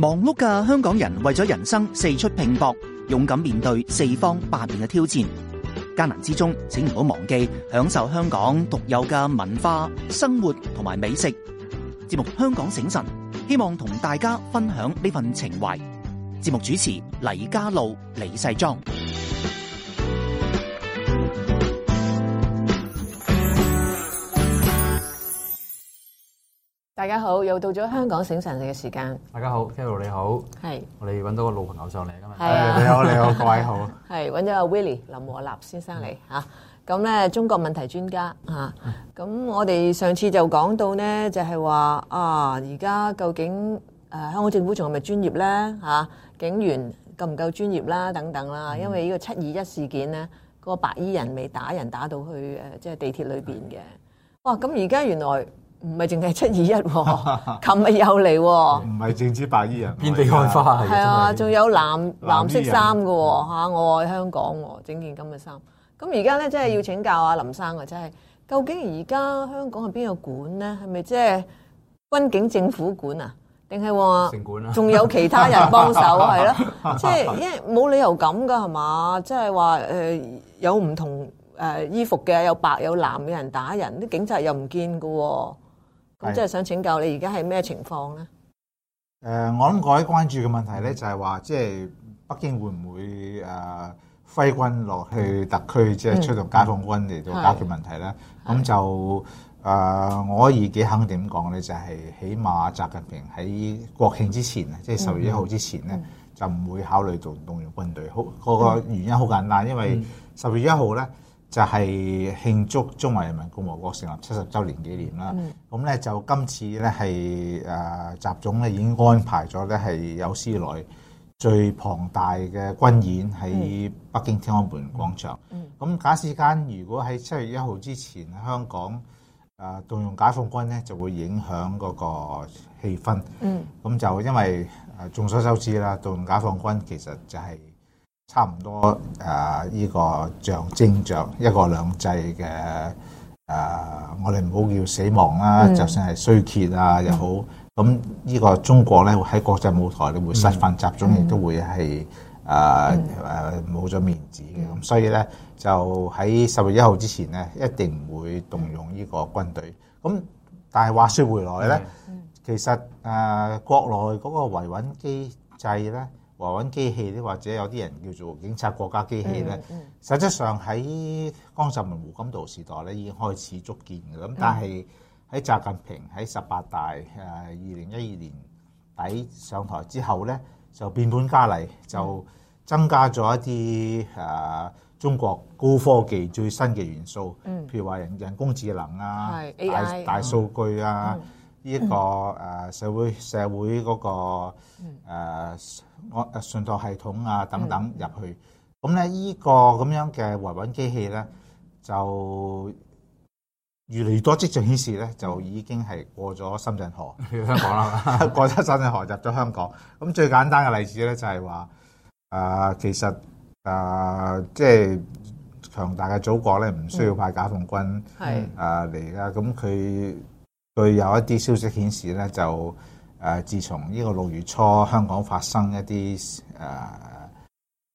忙碌嘅香港人為咗人生四出拼搏，勇敢面對四方八面嘅挑戰。艱難之中，請唔好忘記享受香港獨有嘅文化、生活同埋美食。節目《香港醒晨》，希望同大家分享呢份情懷。節目主持：黎家路、李世莊。大家好，又到咗香港醒晨嘅時間。大家好，Carol，你好，係我哋揾到個老朋友上嚟，今日係你好，你好各位好，係揾咗阿 Willie 林和立先生嚟吓，咁咧中國問題專家吓，咁我哋上次就講到咧，就係話啊，而家究竟誒香港政府仲係咪專業咧吓，警員夠唔夠專業啦等等啦，因為呢個七二一事件咧，嗰個白衣人未打人打到去誒，即係地鐵裏邊嘅，哇，咁而家原來。唔係淨係七二一，琴日又嚟。唔係淨止白衣人，遍地開花係。係啊，仲在有藍藍色衫嘅嚇，我愛香港喎，嗯、整件咁嘅衫。咁而家咧，即係要請教阿林生啊，即係，究竟而家香港係邊個管咧？係咪即係軍警政府管啊？定係話仲有其他人幫手係咯？即係因為冇理由咁嘅係嘛？即係話誒有唔同誒衣服嘅，有白有藍嘅人打人，啲警察又唔見嘅喎。咁即係想請教你，而家係咩情況咧？誒、呃，我諗各位關注嘅問題咧，就係話即係北京會唔會誒、呃、揮軍落去特區，即係、嗯、出動解放軍嚟到解決問題咧？咁、嗯嗯、就誒、呃，我而己肯定咁講咧，就係、是、起碼習近平喺國慶之前啊，即係十月一號之前咧，嗯嗯、就唔會考慮做動用軍隊。好、嗯，個、嗯、個原因好簡單，因為十月一號咧。就係慶祝中華人民共和國成立七十週年紀念啦。咁咧就今次咧，係誒習總咧已經安排咗咧係有史以來最龐大嘅軍演喺北京天安門廣場。咁假使間如果喺七月一號之前香港誒動用解放軍咧，就會影響嗰個氣氛。咁就因為誒眾所周知啦，動用解放軍其實就係。差唔多誒，呢個象徵著一國兩制嘅誒、呃，我哋唔好叫死亡啦，mm. 就算係衰竭啊又好，咁呢、mm. 個中國咧喺國際舞台咧會失分集中，亦都會係誒誒冇咗面子嘅。咁所以咧，就喺十月一號之前咧，一定唔會動用呢個軍隊。咁但係話説回來咧，mm. 其實誒、呃、國內嗰個維穩機制咧。話揾機器咧，或者有啲人叫做警察國家機器咧，嗯嗯、實質上喺江澤民、胡錦濤時代咧已經開始足見嘅。咁、嗯、但係喺習近平喺十八大誒二零一二年底上台之後咧，就變本加厲，嗯、就增加咗一啲誒、呃、中國高科技最新嘅元素，嗯、譬如話人人工智能啊、大數據啊呢一個誒、呃、社會社會嗰、那個、呃嗯我誒信託系統啊等等入去，咁咧依個咁樣嘅維穩機器咧，就越嚟越多跡象顯示咧，就已經係過咗深圳河入香港啦， 過咗深圳河入咗香港。咁最簡單嘅例子咧，就係話啊，其實啊，即、呃、係、就係、強大嘅祖國咧，唔需要派解放軍係啊嚟㗎。咁佢對有一啲消息顯示咧，就誒，自從呢個六月初香港發生一啲誒、呃、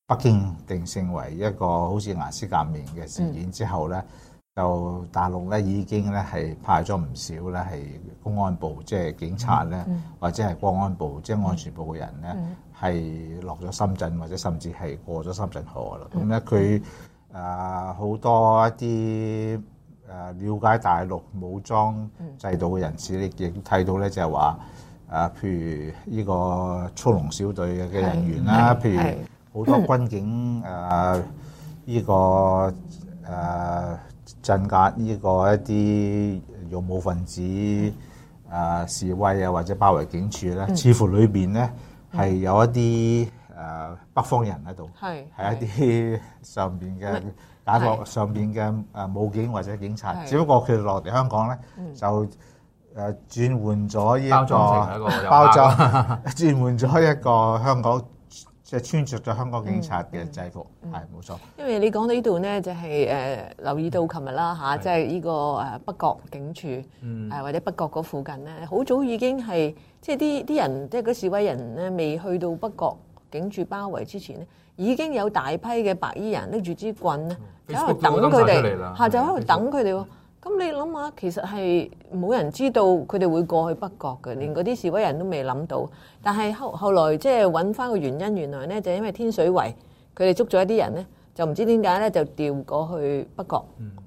北京定性為一個好似顏色革命嘅事件之後咧，嗯、就大陸咧已經咧係派咗唔少咧係公安部即係警察咧，嗯嗯、或者係國安部、嗯、即係安全部嘅人咧係落咗深圳，或者甚至係過咗深圳河啦。咁咧佢誒好多一啲誒了解大陸武裝制度嘅人士咧，亦都睇到咧就係話。啊、呃，譬如呢個速龍小隊嘅人員啦，譬如好多軍警啊，依、嗯呃這個誒、呃、鎮壓呢個一啲勇武分子啊、呃、示威啊或者包圍警署咧，嗯、似乎裏邊咧係有一啲誒、呃、北方人喺度，係係一啲上邊嘅打落上邊嘅誒武警或者警察，只不過佢哋落嚟香港咧、嗯、就。誒轉換咗呢一個包裝，轉換咗一個香港即係、就是、穿着咗香港警察嘅制服，係冇錯。嗯、錯因為你講到呢度咧，就係、是、誒、呃、留意到琴日啦嚇，啊、是即係呢個誒北角警署，誒、嗯、或者北角嗰附近咧，好早已經係即係啲啲人即係嗰示威人咧，未去到北角警署包圍之前咧，已經有大批嘅白衣人拎住支棍咧，喺度、嗯、等佢哋嚇，嗯、就喺度等佢哋喎。嗯嗯咁你諗下，其實係冇人知道佢哋會過去北角嘅，連嗰啲示威人都未諗到。但係後後來即係揾翻個原因，原來咧就因為天水圍佢哋捉咗一啲人咧，就唔知點解咧就調過去北角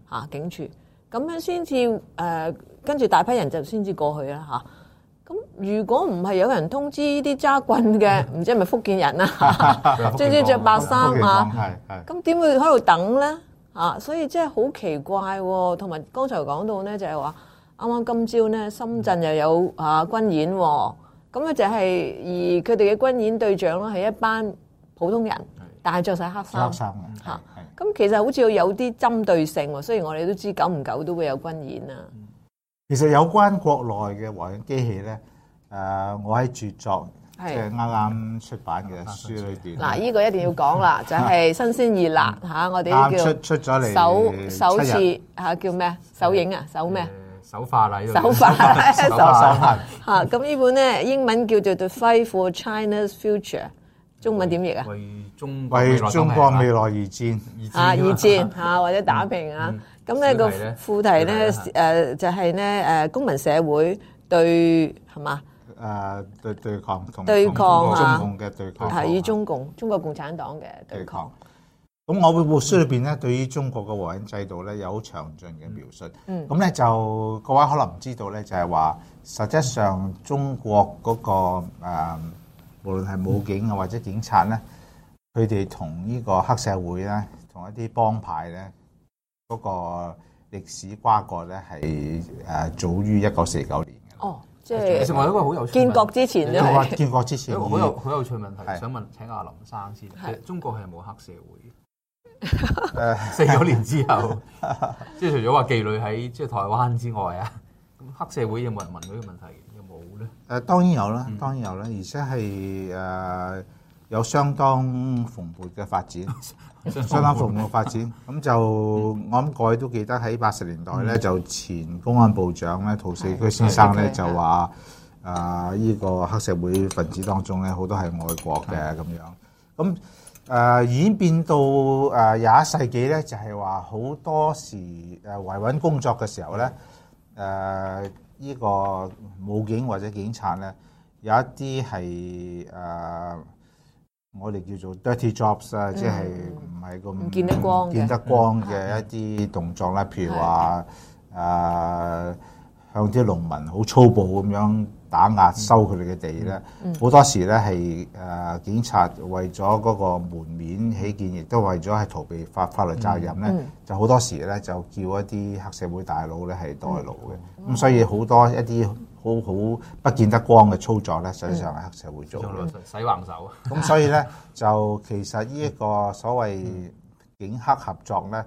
嚇警署，咁樣先至誒跟住大批人就先至過去啦嚇。咁如果唔係有人通知啲揸棍嘅，唔知係咪福建人啊，即係著白衫啊，咁點會喺度等咧？啊，所以真係好奇怪喎、哦，同埋剛才講到咧就係、是、話，啱啱今朝咧深圳又有啊軍演、哦，咁咧就係而佢哋嘅軍演對象咧係一班普通人，但係着晒黑衫，黑衫嘅嚇，咁其實好似有啲針對性喎、哦。雖然我哋都知久唔久都會有軍演啊。嗯、其實有關國內嘅華人機器咧，誒、呃，我喺絕作。係，即係啱啱出版嘅書裏邊。嗱，依個一定要講啦，就係新鮮熱辣吓，我哋叫出出咗嚟，首首次吓，叫咩啊？首映啊？首咩啊？首化禮咯。首化首化吓，咁呢本咧英文叫做《The Fight for China's Future》，中文點譯啊？為中為中國未來而戰，而戰啊，而戰吓，或者打平啊。咁咧個副題咧，誒，就係咧，誒，公民社會對係嘛？誒，對，對抗同中共嘅對抗係與中共，中國共產黨嘅對抗。咁我部書裏邊咧，對於中國嘅皇恩制度咧，有好詳盡嘅描述。嗯，咁咧就各位可能唔知道咧，就係話，實際上中國嗰個誒，無論係武警或者警察咧，佢哋同呢個黑社會咧，同一啲幫派咧，嗰個歷史瓜葛咧，係，誒早於一九四九年嘅。哦。即係，其實我有一個好有趣，建國之前咧，建國之前，好有好有趣問題，是想問請阿林先生先。是中國係冇黑社會嘅， 四九年之後， 即係除咗話妓女喺即係台灣之外啊，咁黑社會有冇人問到呢個問題？有冇咧？誒當然有啦，當然有啦，而且係誒。Uh, 有相當蓬勃嘅發展， 相當蓬勃嘅發展。咁 就 我諗各位都記得喺八十年代咧， 就前公安部長咧，陶駟駒先生咧 就話：，誒、呃、呢、這個黑社會分子當中咧，好多係愛國嘅咁樣。咁誒、 呃、演變到誒廿、呃、一世紀咧，就係話好多時誒維穩工作嘅時候咧，誒、呃、呢、這個武警或者警察咧有一啲係誒。呃.我哋叫做 dirty jobs 啊、嗯，即係唔係咁唔見得光唔見得光嘅一啲動作啦，譬、嗯、如話誒的、呃、向啲農民好粗暴咁樣。打壓收佢哋嘅地咧，好、嗯嗯、多時咧係誒警察為咗嗰個門面起見，亦都為咗係逃避法法律責任咧，就好、嗯嗯、多時咧就叫一啲黑社會大佬咧係代勞嘅。咁、嗯嗯、所以好多一啲好好不見得光嘅操作咧，實際上係黑社會做洗橫手。咁、嗯嗯、所以咧就其實呢一個所謂警黑合作咧，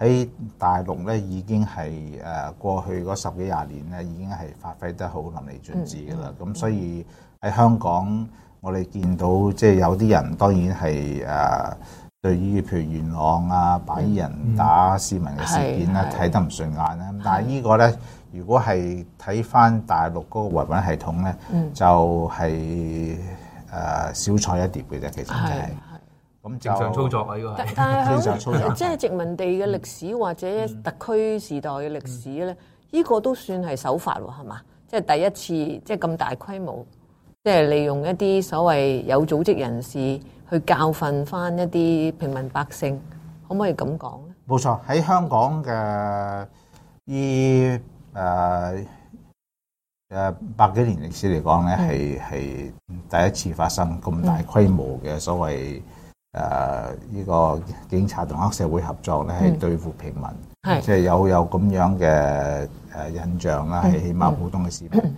喺大陸咧已經係誒過去嗰十幾廿年咧已經係發揮得好淋漓盡致噶啦。咁、嗯嗯、所以喺香港我哋見到即係有啲人當然係誒、呃、對於譬如元朗啊，白衣人打市民嘅事件咧睇、嗯嗯、得唔順眼啦，但係呢個咧如果係睇翻大陸嗰個維穩系統咧，嗯、就係、是、誒、呃、小菜一碟嘅啫，其實就咁正常操作啊！呢個係正常操作。即係殖民地嘅歷史或者特區時代嘅歷史咧，呢個都算係手法喎，係嘛？即係第一次，即係咁大規模，即係利用一啲所謂有組織人士去教訓翻一啲平民百姓，可唔可以咁講咧？冇錯，喺香港嘅呢誒誒百幾年歷史嚟講咧，係係第一次發生咁大規模嘅所謂。誒，呢、呃，這個警察同黑社會合作咧，係對付平民，嗯、即係有有咁樣嘅誒、呃、印象啦。係起碼普通嘅市民。嗯、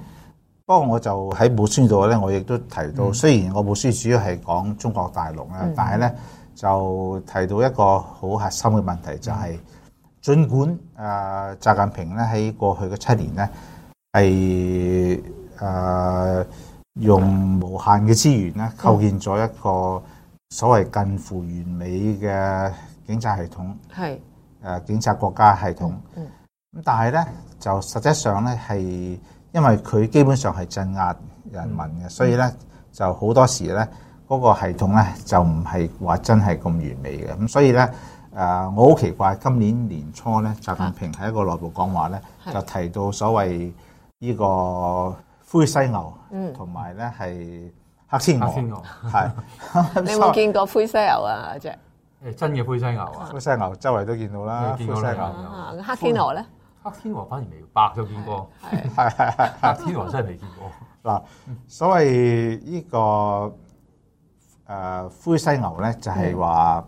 不過我就喺本書度咧，我亦都提到，嗯、雖然我本書主要係講中國大陸啦，嗯、但係咧就提到一個好核心嘅問題，就係、是、盡管誒習、呃、近平咧喺過去嘅七年咧係誒用無限嘅資源咧構建咗一個、嗯。嗯所謂近乎完美嘅警察系統係誒是、啊，警察國家系統，咁、嗯嗯、但係咧就實質上咧係，因為佢基本上係鎮壓人民嘅、嗯嗯那個，所以咧就好多時咧嗰個系統咧就唔係話真係咁完美嘅。咁所以咧誒，我好奇怪，今年年初咧，習近平喺一個內部講話咧，嗯、就提到所謂呢個灰犀牛，嗯，同埋咧係。黑天鵝，係你有冇見過灰犀牛啊？嗰隻真嘅灰犀牛啊！灰犀牛周圍都見到啦，灰犀牛，黑天鵝咧？黑天鵝反而未，白就見過，係係係，黑天鵝真係未見過。嗱，所謂呢個誒灰犀牛咧，就係話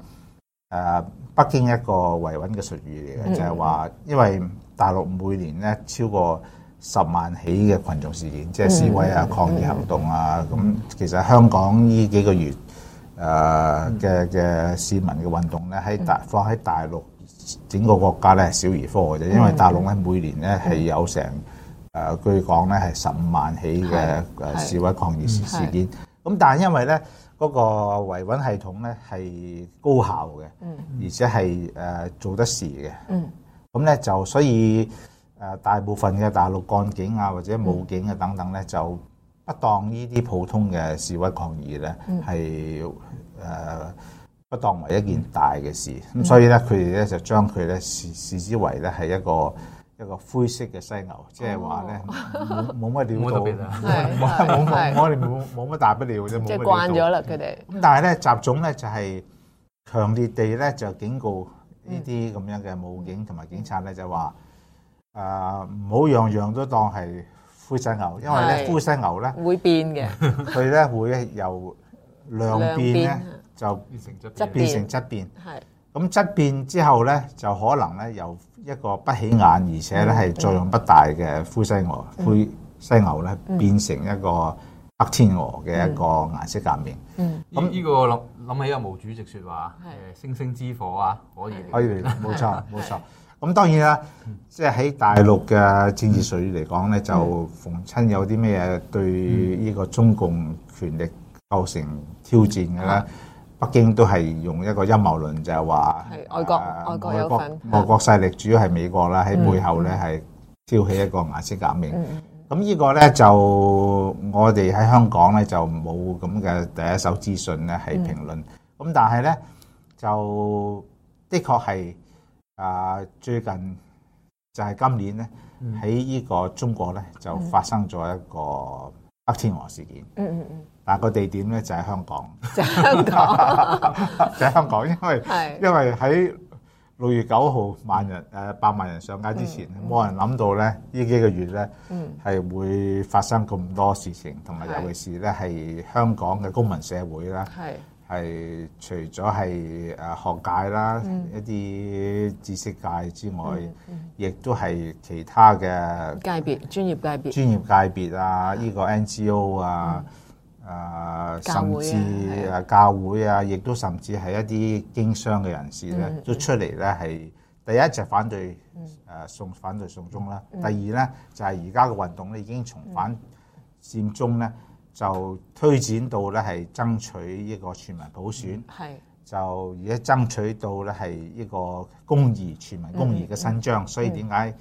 誒北京一個維穩嘅術語嚟嘅，就係話因為大陸每年咧超過。十萬起嘅群眾事件，即係示威啊、嗯、抗議行動啊，咁、嗯、其實香港呢幾個月誒嘅嘅市民嘅運動咧，喺大放喺大陸整個國家咧，係小兒科嘅啫。因為大陸咧每年咧係有成誒、嗯呃，據講咧係十五萬起嘅誒示威抗議事件。咁但係因為咧嗰、那個維穩系統咧係高效嘅，嗯，而且係誒做得事嘅，嗯，咁咧、嗯、就所以。所以所以所以誒大部分嘅大陸幹警啊，或者武警啊等等咧，就不當呢啲普通嘅示威抗議咧，係誒、呃、不當為一件大嘅事。咁所以咧，佢哋咧就將佢咧視視之為咧係一個一個灰色嘅犀牛，即係話咧冇乜料到，冇乜我哋冇冇乜大不了啫，即係 慣咗啦佢哋。咁但係咧，習總咧就係、是、強烈地咧就警告呢啲咁樣嘅武警同埋警察咧，就話。誒唔好樣樣都當係灰犀牛，因為咧灰犀牛咧會變嘅，佢咧會由量變咧就質變成質變，係咁質變之後咧就可能咧由一個不起眼而且咧係作用不大嘅灰犀牛，灰犀牛咧變成一個黑天鵝嘅一個顏色革命。嗯，咁呢個諗諗起阿毛主席説話誒星星之火啊，可以可以，冇錯冇錯。咁當然啦，即係喺大陸嘅政治水嚟講咧，就逢親有啲咩嘢對呢個中共權力構成挑戰嘅咧，北京都係用一個陰謀論就係話，外國外國有份，外國勢力主要係美國啦，喺背後咧係挑起一個顏色革命。咁、嗯嗯、呢個咧就我哋喺香港咧就冇咁嘅第一手資訊咧係評論。咁、嗯、但係咧就的確係。啊，最近就係今年呢，喺呢個中國呢，就發生咗一個黑天鵝事件。嗯嗯嗯。但個地點呢，就係香港， 就是香港, 因為，因為喺六月九號萬人，誒，百萬人上街之前，冇人諗到呢幾個月呢，係會發生咁多事情，同埋尤其是呢，係香港嘅公民社會啦。係。係除咗係誒學界啦，嗯、一啲知識界之外，亦、嗯嗯、都係其他嘅界別、專業界別、專業界別、嗯、啊！呢個 NGO 啊，啊甚至啊教會啊，亦、啊、都甚至係一啲經商嘅人士咧，都出嚟咧係第一隻反對誒、呃、送反對送中啦。第二咧就係而家嘅運動咧已經重返佔中咧。就推展到咧係爭取呢個全民普選，嗯、就而家爭取到咧係呢個公義全民公義嘅伸張，嗯、所以點解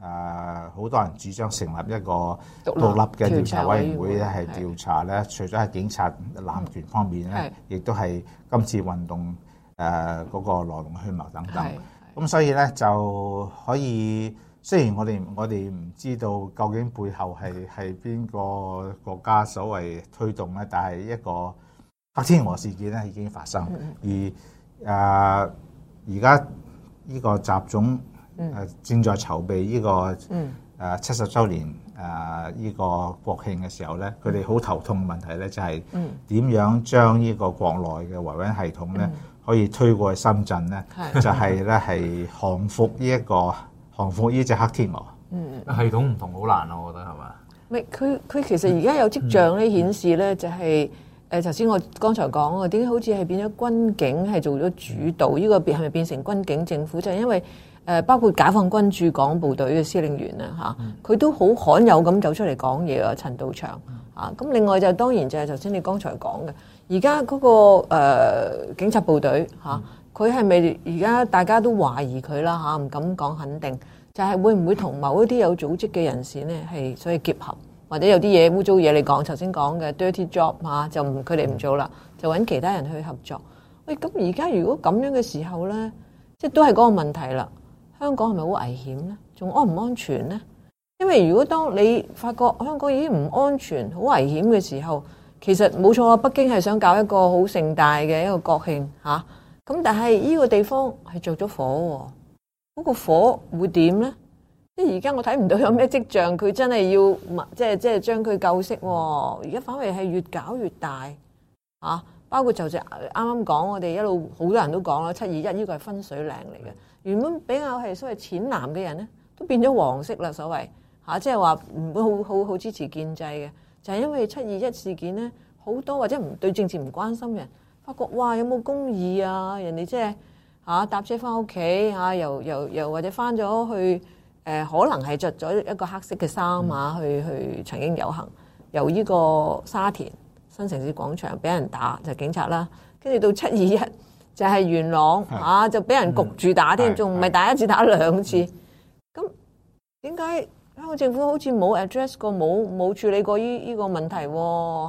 誒好多人主張成立一個獨立嘅調查委員會咧，係調查咧，除咗係警察濫權方面咧，亦都係今次運動誒嗰、呃那個來龍去脈等等，咁、嗯、所以咧就可以。雖然我哋我哋唔知道究竟背後係係邊個國家所謂推動咧，但係一個黑天鵝事件咧已經發生。而啊，而家呢個習總誒正在籌備呢個誒七十週年誒呢、呃這個國慶嘅時候咧，佢哋好頭痛嘅問題咧就係、是、點樣將呢個國內嘅維穩系統咧可以推過去深圳咧，就係咧係降服呢、這、一個。防火呢隻黑天鵝，嗯，系統唔同好難啊。我覺得係嘛？唔係佢佢其實而家有跡象咧，顯示咧、就是，就係誒，頭先我剛才我講啊，點解好似係變咗軍警係做咗主導？呢、嗯、個變係咪變成軍警政府？就係、是、因為誒、呃，包括解放軍駐港部隊嘅司令員啊，嚇、嗯，佢都好罕有咁走出嚟講嘢啊，陳道祥啊，咁、嗯嗯、另外就當然就係頭先你剛才講嘅，而家嗰個、呃、警察部隊嚇。啊嗯嗯佢係咪而家大家都懷疑佢啦？嚇，唔敢講肯定，就係、是、會唔會同某一啲有組織嘅人士呢係所以結合，或者有啲嘢污糟嘢你講。頭先講嘅 dirty job 嘛、啊，就唔佢哋唔做啦，就搵其他人去合作。喂，咁而家如果咁樣嘅時候呢，即係都係嗰個問題啦。香港係咪好危險呢？仲安唔安全呢？因為如果當你發覺香港已經唔安全、好危險嘅時候，其實冇錯啊。北京係想搞一個好盛大嘅一個國慶嚇。啊。咁但係呢個地方係着咗火喎、哦，嗰、那個火會點咧？即係而家我睇唔到有咩迹象，佢真係要即係即係將佢救熄。而家反而係越搞越大，吓、啊、包括就就啱啱講，我哋一路好多人都講啦，七二一呢個係分水嶺嚟嘅。原本比較係所謂淺藍嘅人咧，都變咗黃色啦，所謂吓即係話唔會好好好支持建制嘅，就係、是、因為七二一事件咧，好多或者唔對政治唔關心嘅哇！有冇公義啊？人哋即係嚇搭車返屋企嚇，又又又或者返咗去誒、呃，可能係着咗一個黑色嘅衫啊，去去曾經遊行，由呢個沙田新城市廣場俾人打就係、警察啦，跟、啊、住到七二一就係元朗嚇是、啊、就俾人焗住打添，仲唔係打一次是打兩次？咁點解香港政府好似冇 address 過冇冇處理過呢呢個問題喎、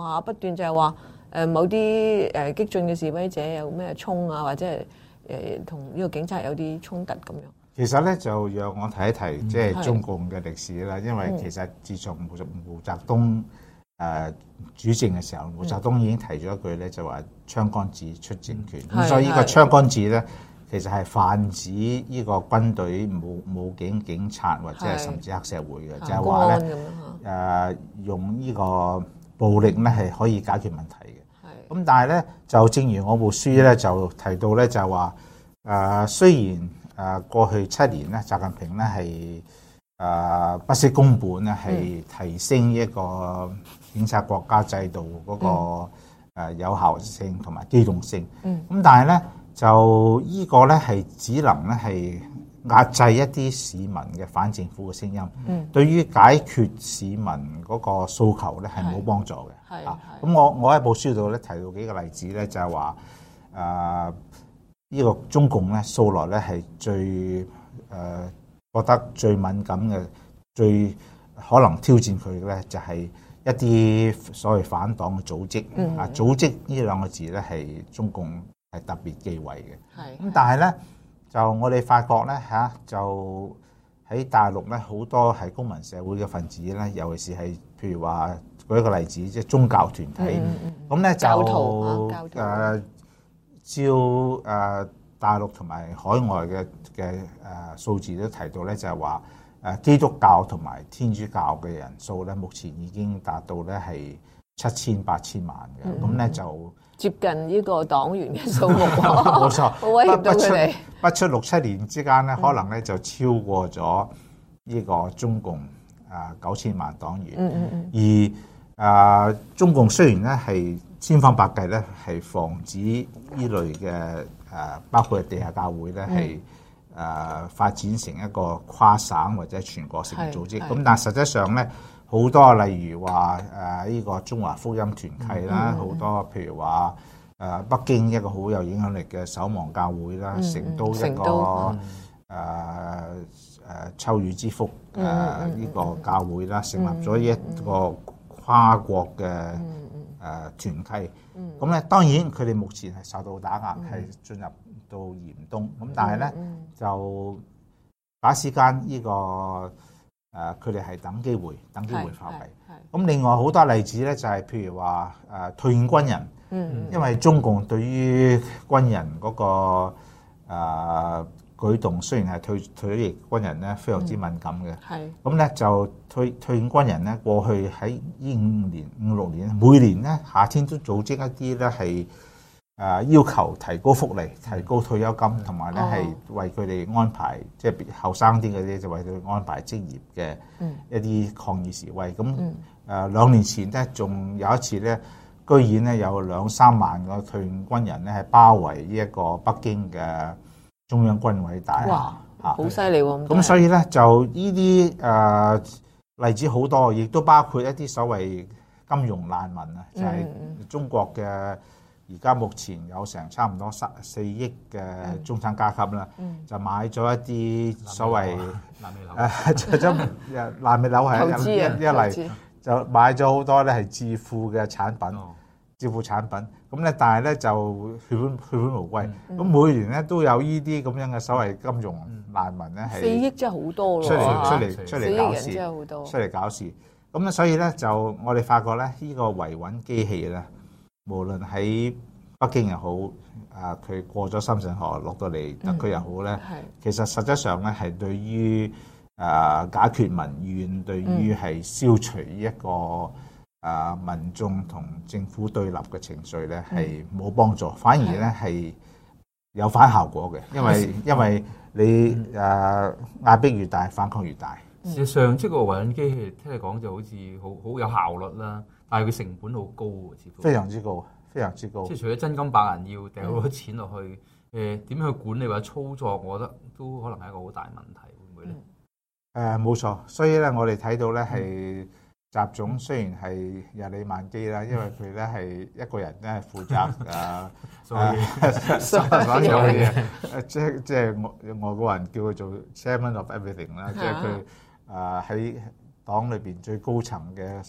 啊、不斷就係話。誒某啲誒激進嘅示威者有咩衝啊，或者誒同呢個警察有啲衝突咁樣？其實咧就讓我提一提，即、就、係、是、中共嘅歷史啦，嗯、因為其實自從毛澤毛澤東誒、呃、主政嘅時候，毛澤東已經提咗一句咧，就話槍桿子出政權。咁、嗯、所以呢個槍桿子咧，其實係泛指呢個軍隊武、武武警、警察或者係甚至黑社會嘅，嗯、就係話咧誒用呢個暴力咧係可以解決問題嘅。咁但係咧，就正如我部書咧，就提到咧，就話誒、呃，雖然誒過去七年咧，習近平咧係誒不惜工本咧，係提升一個警察國家制度嗰、那個、嗯呃、有效性同埋機動性。嗯。咁但係咧，就依個咧係只能咧係。壓制一啲市民嘅反政府嘅聲音，嗯、對於解決市民嗰個訴求咧係冇幫助嘅。係啊，咁我我喺部書度咧提到幾個例子咧，就係話啊，依、呃這個中共咧，素來咧係最誒、呃、覺得最敏感嘅，最可能挑戰佢嘅咧就係一啲所謂反黨嘅組織。嗯、啊，組織呢兩個字咧係中共係特別忌諱嘅。係咁，但係咧。就我哋發覺咧嚇，就喺大陸咧好多係公民社會嘅分子咧，尤其是係譬如話舉一個例子，即係宗教團體。咁咧、嗯、就誒、啊啊、照誒、呃、大陸同埋海外嘅嘅誒數字都提到咧，就係話誒基督教同埋天主教嘅人數咧，目前已經達到咧係七千八千萬嘅，咁咧就。嗯接近呢個黨員嘅數目，冇錯 說，不出，不出六七年之間咧，可能咧、嗯、就超過咗呢個中共啊九千萬黨員。嗯嗯嗯。而啊、呃，中共雖然咧係千方百計咧係防止呢類嘅誒、呃，包括地下教會咧係誒發展成一個跨省或者全國性嘅組織。咁但係實際上咧。好多例如話誒呢個中華福音團契啦，好、mm hmm. 多譬如話誒、啊、北京一個好有影響力嘅守望教會啦，mm hmm. 成都一個誒誒、mm hmm. 啊、秋雨之福誒呢、啊 mm hmm. 個教會啦，成立咗一個跨國嘅誒團契。咁咧、mm hmm. 當然佢哋目前係受到打壓，係、mm hmm. 進入到嚴冬。咁但係咧就把時間呢、這個。誒，佢哋係等機會，等機會發圍。咁是另外好多例子呢、就是，就係譬如話誒，退伍軍人，嗯，嗯，嗯、因為中共對於軍人嗰、那個誒、呃、舉動，雖然係退退役軍人呢，非常之敏感嘅。係咁呢，就退退伍軍人呢，過去喺依五年五六年，每年咧夏天都組織一啲呢係。啊、呃！要求提高福利、提高退休金，同埋咧係為佢哋安排，即係後生啲嗰啲就為佢安排職業嘅一啲抗議示威。咁誒、呃、兩年前咧，仲有一次咧，居然咧有兩三萬個退伍軍人咧係包圍呢一個北京嘅中央軍委大。哇！好犀利喎！咁、啊啊、所以咧就呢啲誒例子好多，亦都包括一啲所謂金融難民啊，就係、是、中國嘅。而家目前有成差唔多三四億嘅中產階級啦，就買咗一啲所謂爛尾樓，誒，就咁爛尾樓係一例，就買咗好多咧係致富嘅產品，致富產品。咁咧，但係咧就血本血本無歸。咁每年咧都有呢啲咁樣嘅所謂金融難民咧係四億真係好多咯，出嚟出嚟出嚟搞事，出嚟搞事。咁咧，所以咧就我哋發覺咧呢個維穩機器咧。無論喺北京又好，啊、呃，佢過咗深圳河落到嚟特區又好咧，係、嗯、其實實質上咧係對於啊、呃、解決民怨，對於係消除一個啊、呃、民眾同政府對立嘅情緒咧，係冇幫助，反而咧係有反效果嘅。因為、嗯、因為你誒壓、呃、迫越大，反抗越大。事實、嗯、上，即個維穩機器聽你講就好似好好有效率啦。但係佢成本好高喎，似乎非常之高，非常之高。即係除咗真金白銀要掟好多錢落去，誒點樣去管理或操作，我覺得都可能係一個好大問題，會唔會咧？誒冇錯，所以咧我哋睇到咧係習總雖然係日理萬機啦，因為佢咧係一個人咧負責啊，所以反反而誒即係即係我外國人叫佢做 chairman of everything 啦，即係佢啊喺黨裏邊最高層嘅。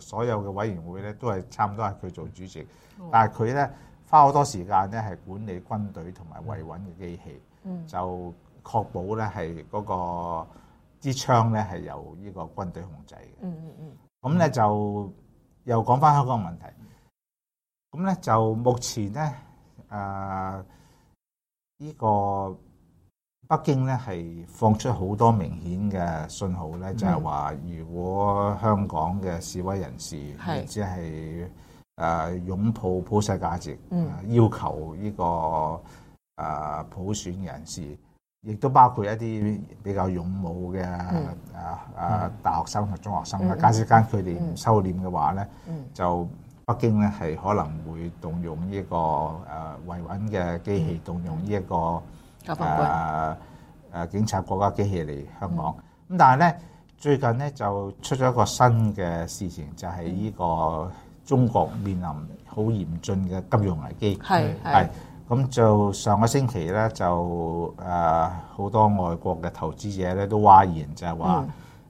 所有嘅委員會咧都係差唔多係佢做主席，但係佢咧花好多時間咧係管理軍隊同埋維穩嘅機器，就確保咧係嗰個支槍咧係由呢個軍隊控制嘅。嗯嗯嗯。咁咧就又講返香港問題，咁咧就目前咧誒呢、呃呢個。北京咧係放出好多明顯嘅信號咧，就係、是、話如果香港嘅示威人士即係誒擁抱普世價值，呃、要求呢、這個誒、呃、普選人士，亦都包括一啲比較勇武嘅誒誒大學生同中學生，假使間佢哋唔收斂嘅話咧，是就北京咧係可能會動用呢、這個誒、呃、維穩嘅機器，動用呢、這、一個。誒誒、啊啊，警察國家機器嚟香港咁，嗯、但係咧最近咧就出咗一個新嘅事情，就係、是、呢個中國面臨好嚴峻嘅金融危機。係係咁就上個星期咧就誒好、啊、多外國嘅投資者咧都話言就係話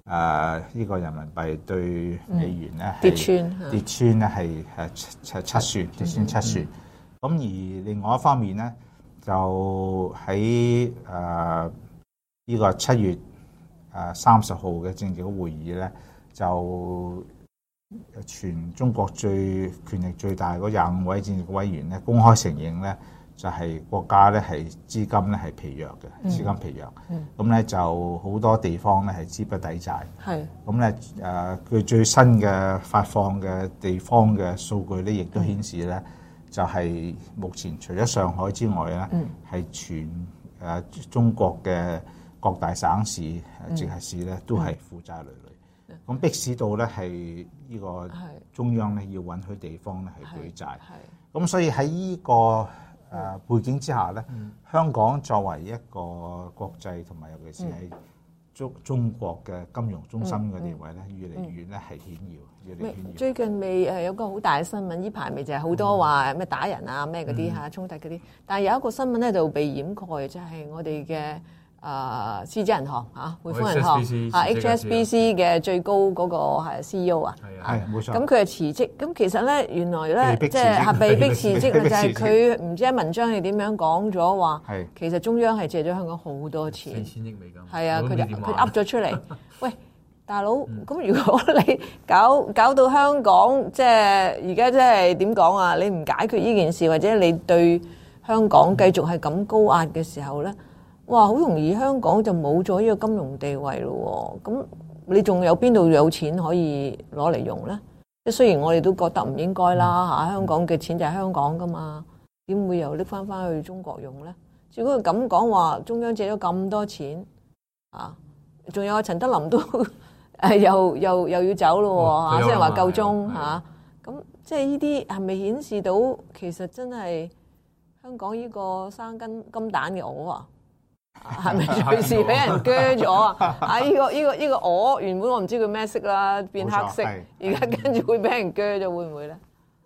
誒呢個人民幣對美元咧、嗯、跌穿，跌穿咧係係七七七算跌穿七算。咁、嗯嗯、而另外一方面咧。就喺誒呢個七月誒三十號嘅政治會議咧，就全中國最權力最大嗰廿五位政治委員咧，公開承認咧，就係、是、國家咧係資金咧係疲弱嘅，資金疲弱。咁咧、嗯、就好多地方咧係資不抵債。係咁咧誒，佢、呃、最新嘅發放嘅地方嘅數據咧，亦都顯示咧。嗯就係目前除咗上海之外咧，係、嗯、全誒、呃、中國嘅各大省市、直、呃嗯、轄市咧都係負債累累。咁逼是使到咧係呢個中央咧要允許地方咧係舉債。咁所以喺呢、呢個誒、呃、背景之下咧，嗯、香港作為一個國際同埋尤其是喺中中國嘅金融中心嘅地位咧，越嚟越咧係顯耀，越嚟越顯耀。最近未係有個好大嘅新聞，呢排咪就係好多話咩打人啊咩嗰啲嚇衝突嗰啲，但係有一個新聞咧就被掩蓋，就係、是、我哋嘅。誒，獅子銀行啊，匯豐銀行啊，HSBC 嘅最高嗰個係 CEO 啊，係冇錯。咁佢係辭職，咁其實咧原來咧，即係被逼辭職，就係佢唔知喺文章係點樣講咗話。係其實中央係借咗香港好多錢，千億美金。係啊，佢就佢噏咗出嚟。喂，大佬，咁如果你搞搞到香港，即係而家即係點講啊？你唔解決呢件事，或者你對香港繼續係咁高壓嘅時候咧？哇！好容易香港就冇咗呢個金融地位咯。咁你仲有邊度有錢可以攞嚟用咧？即係雖然我哋都覺得唔應該啦嚇，香港嘅錢就係香港噶嘛，點會又拎翻翻去中國用咧？如果咁講話，中央借咗咁多錢啊，仲有啊，陳德霖都誒又又又要走咯嚇，即係話夠鐘嚇。咁、啊、即係呢啲係咪顯示到其實真係香港呢個生金金，金蛋嘅鵝啊？係咪隨時俾人鋸咗 啊？啊、這個！依、這個依、這個依個我，原本我唔知佢咩色啦，變黑色。而家跟住會俾人鋸咗，會唔會咧？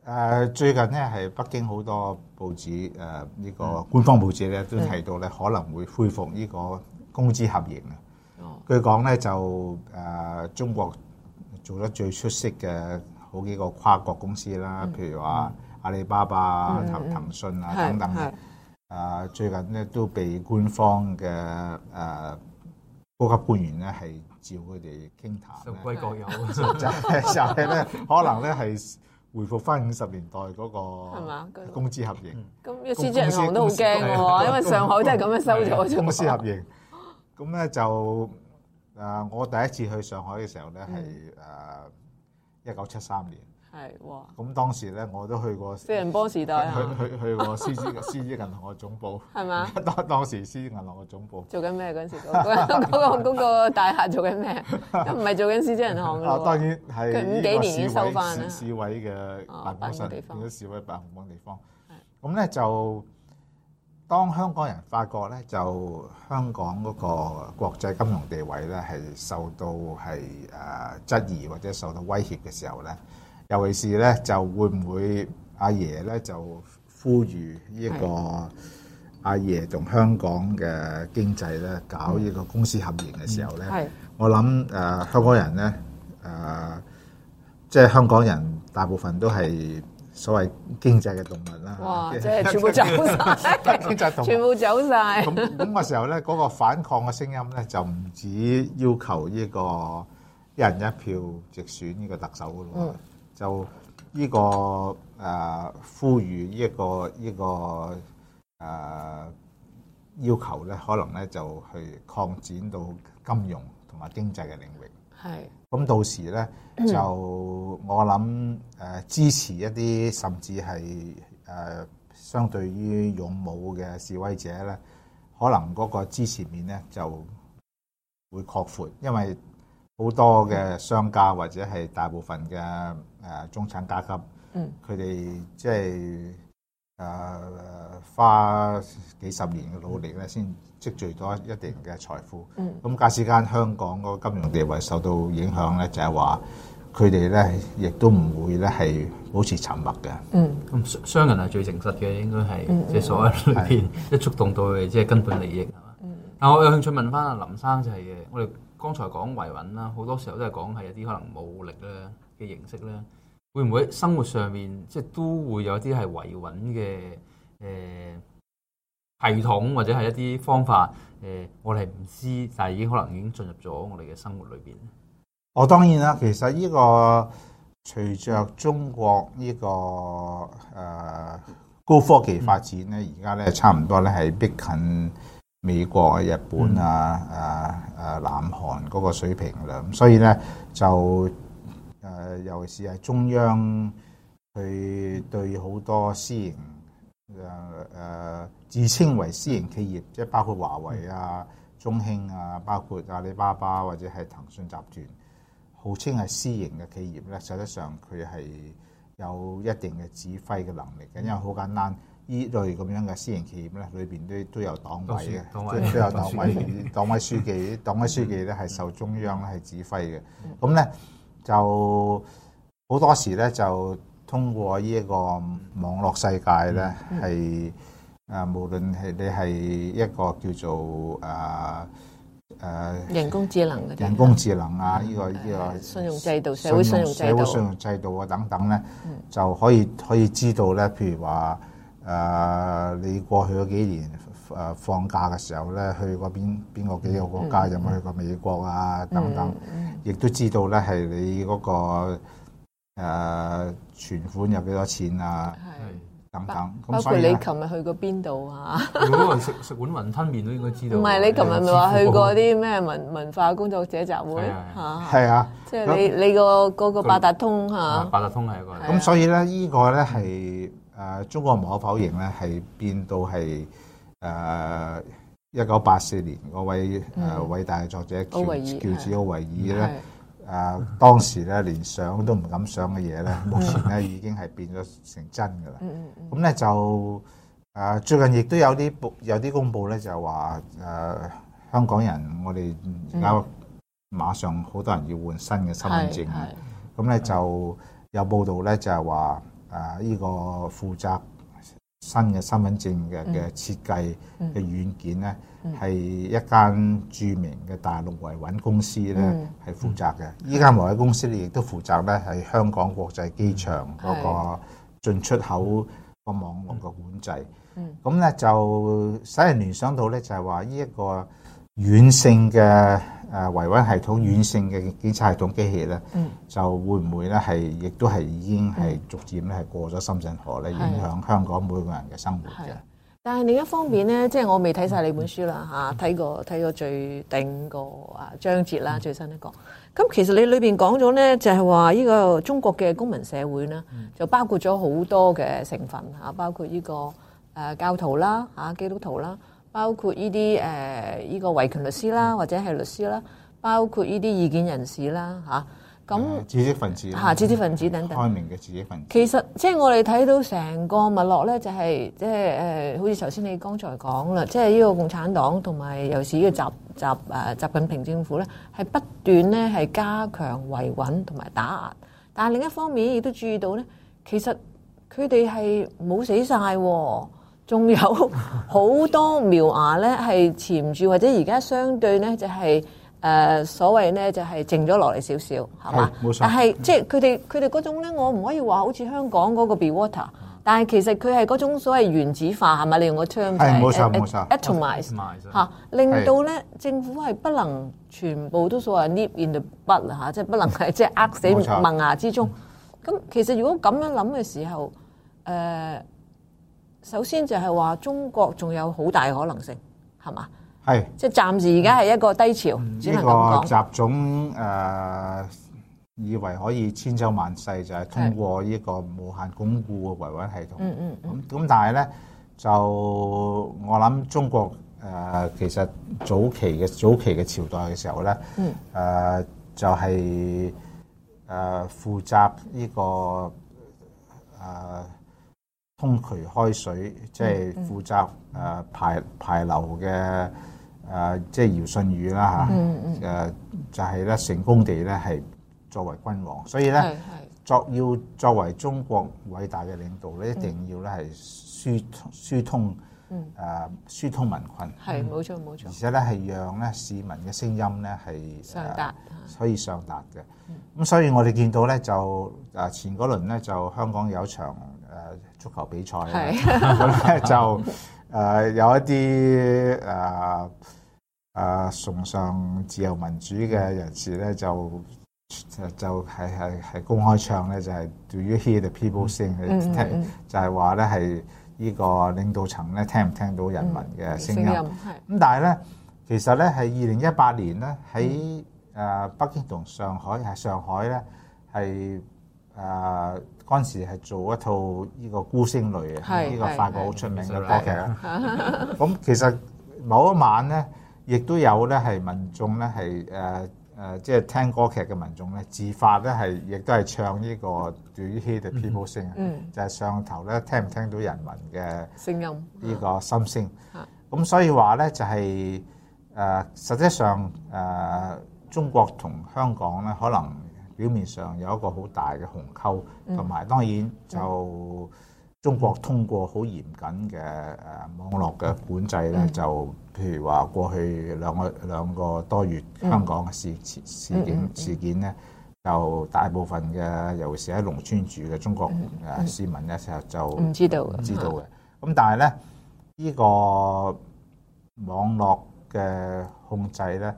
誒，最近咧係北京好多報紙誒，呢、呃這個官方報紙咧都提到咧可能會恢復的呢個公資合營啊。據講咧就誒、呃，中國做得最出色嘅好幾個跨國公司啦，譬、嗯、如話阿里巴巴、嗯、騰訊啊、騰騰訊啊等等啊！最近咧都被官方嘅誒高級官員咧係照佢哋傾談。傾談咧，就係咧可能咧係回復返五十年代嗰個係嘛公私合營，咁啲資助人，人都好驚喎，因為上海都係咁樣收咗。公私合營咁咧就誒，我第一次去上海嘅時候咧係誒一九七三年。係，咁當時咧我都去過四人幫時代，去去去過獅子獅子銀行嘅總部，係嘛？當當時獅子銀行嘅總部做緊咩嗰陣時？嗰個嗰個大廈做緊咩？都唔係做緊獅子銀行嘅。啊，當然係佢五幾年已經收翻啦。市委嘅辦公室變咗市委辦公房地方。係，咁咧就當香港人發覺咧，就香港嗰個國際金融地位咧，係受到係誒質疑或者受到威脅嘅時候咧。尤其是咧，就會唔會阿爺咧就呼籲呢一個阿爺同香港嘅經濟咧搞呢個公私合營嘅時候咧？係我諗誒，香港人咧誒，即係香港人大部分都係所謂經濟嘅動物啦。哇，即係全部走晒經濟動物，全部走晒咁咁嘅時候咧，嗰個反抗嘅聲音咧，就唔止要求呢個一人一票直選呢個特首噶咯。就呢、呢個誒、呃、呼籲呢、呢個、一個呢個誒要求咧，可能咧就去擴展到金融同埋經濟嘅領域。係。咁到時咧，就我諗誒、呃、支持一啲，甚至係誒、呃、相對於勇武嘅示威者咧，可能嗰個支持面咧就會擴闊，因為，好多嘅商家或者係大部分嘅誒中產階級，佢哋即係誒花幾十年嘅努力咧，先積聚咗一定嘅財富。咁假使間香港嗰個金融地位受到影響咧，就係話佢哋咧亦都唔會咧係保持沉默嘅。嗯，咁商人係最誠實嘅，應該係即係所謂裏邊一觸動到佢，即係根本利益係嘛。嗯，但，我有興趣問返阿林生就係嘅，我哋。剛才講維穩啦，好多時候都係講係一啲可能武力咧嘅形式咧，會唔會生活上面即係都會有啲係維穩嘅誒系統或者係一啲方法誒、呃？我哋唔知，但係已經可能已經進入咗我哋嘅生活裏邊。我、哦、當然啦，其實呢、呢個隨着中國呢、呢個誒、呃、高科技發展咧，而家咧差唔多咧係逼近。美國啊、日本啊、誒、啊、誒、南韓嗰個水平喇，所以咧就誒、呃，尤其是喺中央，佢對好多私營誒誒，自稱為私營企業，即係包括華為啊、中興啊，包括阿里巴巴或者係騰訊集團，號稱係私營嘅企業咧，實質上佢係有一定嘅指揮嘅能力，嘅，因為好簡單。依類咁樣嘅私營企業咧，裏邊都都有黨委嘅，都有黨委黨委書記，黨委書記咧係受中央咧係指揮嘅。咁咧就好多時咧就通過依一個網絡世界咧係啊，無論係你係一個叫做啊誒人工智能嘅人工智能啊，依個依個信用制度、社會信用制度啊等等咧，就可以可以知道咧，譬如話。誒，你過去嗰幾年誒放假嘅時候咧，去過邊邊個幾個國家？有冇去過美國啊？等等，亦都知道咧係你嗰個誒存款有幾多錢啊？等等。包括你琴日去過邊度啊？如果食食碗雲吞麵都應該知道。唔係你琴日咪話去過啲咩文文化工作者集會嚇？係啊，即係你你個嗰個八達通嚇。八達通係一個。咁所以咧，呢個咧係。啊！中國無可否認咧，係變到係誒一九八四年嗰位誒、呃、偉大嘅作者、嗯、喬喬治奧維爾咧，誒、呃的呃、當時咧連想都唔敢想嘅嘢咧，目前咧、嗯、已經係變咗成真噶啦。咁咧、嗯嗯、就誒、呃、最近亦都有啲報有啲公佈咧，就係話誒香港人，我哋而家馬上好多人要換新嘅身份證。咁咧、嗯、就有報道咧，就係話。啊！依、這個負責新嘅身份證嘅嘅設計嘅軟件呢係、嗯嗯、一間著名嘅大陸維穩公司呢係負、嗯嗯、責嘅。呢間維穩公司呢亦都負責呢係香港國際機場嗰個進出口個網絡嘅管制。咁呢，就使人聯想到呢，就係話呢一個軟性嘅。誒維穩系統、軟性嘅監察系統機器咧，就會唔會咧係，亦都係已經係逐漸咧係過咗深圳河咧，影響香港每個人嘅生活嘅。但係另一方面咧，即係我未睇晒你本書啦嚇，睇過睇過最頂個啊章節啦，最新一個。咁其實你裏邊講咗咧，就係話呢個中國嘅公民社會咧，就包括咗好多嘅成分嚇，包括呢個誒教徒啦嚇，基督徒啦，包括呢啲誒，呢、呃、個維權律師啦，或者係律師啦，包括呢啲意見人士啦，吓、啊，咁、呃。知識分子吓，啊、知識分子等等。開明嘅知識分子。其實，即、就、係、是、我哋睇到成個脈絡咧，就係、是，即係，誒，好似頭先你剛才講啦，即係呢個共產黨同埋尤其是呢個習習誒習近平政府咧，係不斷咧係加強維穩同埋打壓，但係另一方面亦都注意到咧，其實，佢哋係冇死晒。仲有好多苗芽咧，係潛住或者而家相對咧，就係誒所謂咧，就係靜咗落嚟少少，係嘛？冇錯。但係即係佢哋佢哋嗰種咧，我唔可以話好似香港嗰個 be water，但係其實佢係嗰種所謂原子化，係咪？你用個 term 係冇錯冇錯 atomized 嚇，令到咧政府係不能全部都所謂 nip in the bud 嚇，即係不能係即係扼死萌芽之中。咁其實如果咁樣諗嘅時候，誒。首先就係話中國仲有好大可能性，係嘛？係是，即係暫時而家係一個低潮，嗯、只能咁講。個習總、呃、以為可以千秋萬世，就係通過呢個無限鞏固嘅維穩系統。是嗯嗯咁咁，嗯、但係咧就我諗中國誒、呃、其實早期嘅早期嘅朝代嘅時候咧，誒、嗯呃、就係誒負責呢、這個誒。呃通渠開水，即係負責排流嘅，即係堯舜禹，就係成功地作為君王，所以作為中國偉大的領導，一定要疏通民困。足球比賽啊，咁咧就誒、是呃、有一啲誒誒崇尚自由民主嘅人士咧，就就係係係公開唱咧，就係 Do you hear the people sing？就係話咧係呢個領導層咧聽唔聽到人民嘅聲音？咁但係咧，其實咧係二零一八年咧喺誒北京同上海，係上海咧係誒。呃嗰陣時係做一套依個孤星淚嘅，依個法國好出名嘅歌劇。咁其實某一晚咧，亦都有咧係民眾咧係誒誒，即係聽歌劇嘅民眾咧，自發咧係亦都係唱依個 Do You Hear The People Sing。嗯，就係上頭咧聽唔聽到人民嘅聲音，依個心聲。嚇，咁所以話咧就係誒，實際上誒，中國同香港咧可能。表面上有一個好大嘅鴻溝，同埋、嗯、當然就中國通過好嚴謹嘅誒網絡嘅管制呢、嗯、就譬如話過去兩個兩個多月香港嘅事、嗯、事件、嗯嗯、事件呢，就大部分嘅尤其是喺農村住嘅中國誒市民咧，嗯嗯、其實就唔知道嘅，嗯、唔知道嘅。咁但係呢，呢、呢個網絡嘅控制呢，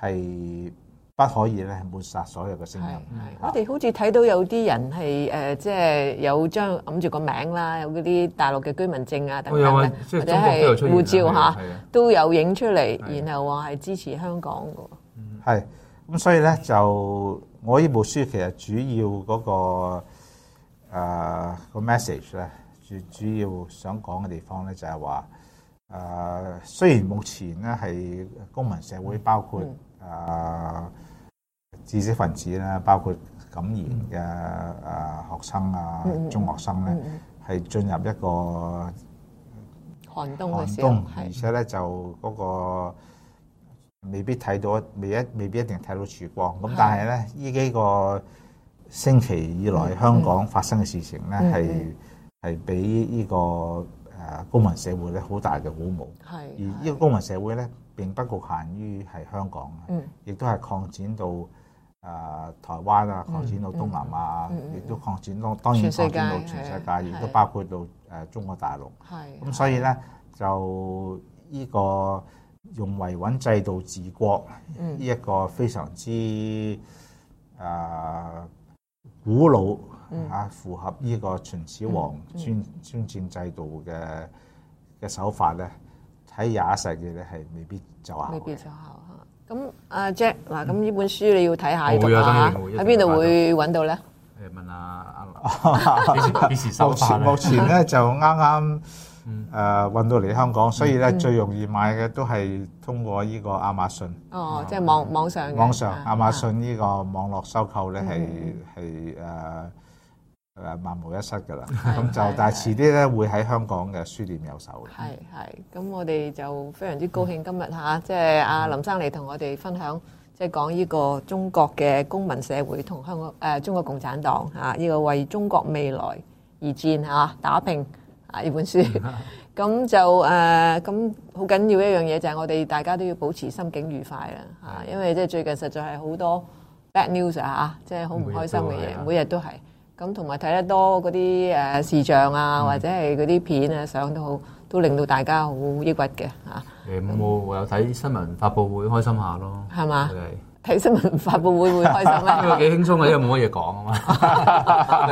係。不可以咧抹殺所有嘅聲音。係我哋好似睇到有啲人係誒，即係有張揞住個名啦，有嗰啲大陸嘅居民證啊等等咧，或者係護照吓，都有影出嚟，然後話係支持香港嘅。係咁，所以咧就我呢部書其實主要嗰個誒個 message 咧，最主要想講嘅地方咧就係話誒，雖然目前咧係公民社會包括誒。知識分子啦，包括感染嘅啊學生啊，中學生咧，係進入一個寒冬嘅時候，而且咧就嗰個未必睇到，未必未必一定睇到曙光。咁但係咧，呢幾個星期以來香港發生嘅事情咧，係係俾呢個誒公民社會咧好大嘅鼓舞。係而呢個公民社會咧並不局限於係香港，嗯，亦都係擴展到。誒、呃，台灣啊，擴展到東南亞、啊，亦、嗯嗯、都擴展到當然擴展到全世界，亦的都包括到誒、呃、中國大陸。係咁的，所以咧的就呢個用維穩制度治國呢、嗯、一個非常之誒、呃、古老吓、嗯啊，符合呢個秦始皇專專政、嗯、制度嘅嘅手法咧，喺廿一世紀咧係未必就行。未必咁阿 Jack 嗱，咁呢本書你要睇下㗎嘛？喺邊度會揾到咧？誒問阿阿，幾時幾時收翻咧？目前咧就啱啱誒揾到嚟香港，所以咧最容易買嘅都係通過呢個亞馬遜。哦，即係網網上。網上亞馬遜呢個網絡收購咧，係係誒。誒，萬無一失噶啦，咁就但係遲啲咧會喺香港嘅書店有售。係係，咁我哋就非常之高興，今日吓，即係阿林生嚟，同我哋分享，即係講呢個中國嘅公民社會同香港誒，中國共產黨吓呢個為中國未來而戰吓，打拼啊呢本書。咁就誒，咁好緊要一樣嘢就係我哋大家都要保持心境愉快啦。啊，因為即係最近實在係好多 bad news 啊，即係好唔開心嘅嘢，每日都係。咁同埋睇得多嗰啲視像啊，或者係嗰啲片啊、相都好，都令到大家好抑鬱嘅嚇。誒咁我我有睇新聞發佈會，開心下咯。係嘛？睇新聞發佈會會開心咩？因為幾輕鬆嘅，因為冇乜嘢講啊嘛。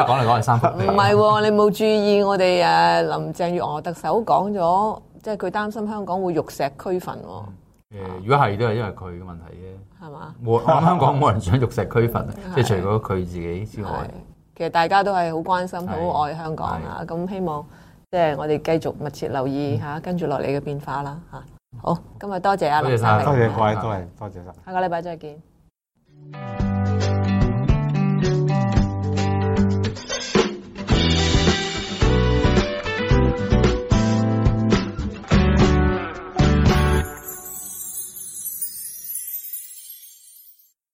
講嚟講去三刻。唔係喎，你冇注意我哋誒林鄭月娥特首講咗，即係佢擔心香港會玉石俱焚喎。誒如果係都係因為佢嘅問題啫，係嘛？冇香港冇人想玉石俱焚，即係除咗佢自己之外。其實大家都係好關心、好的愛香港啊！咁的希望即係我哋繼續密切留意嚇，跟住落嚟嘅變化啦嚇。好，今日多謝阿林，多謝，多謝各位，多謝，多謝曬。謝，下個禮拜再見。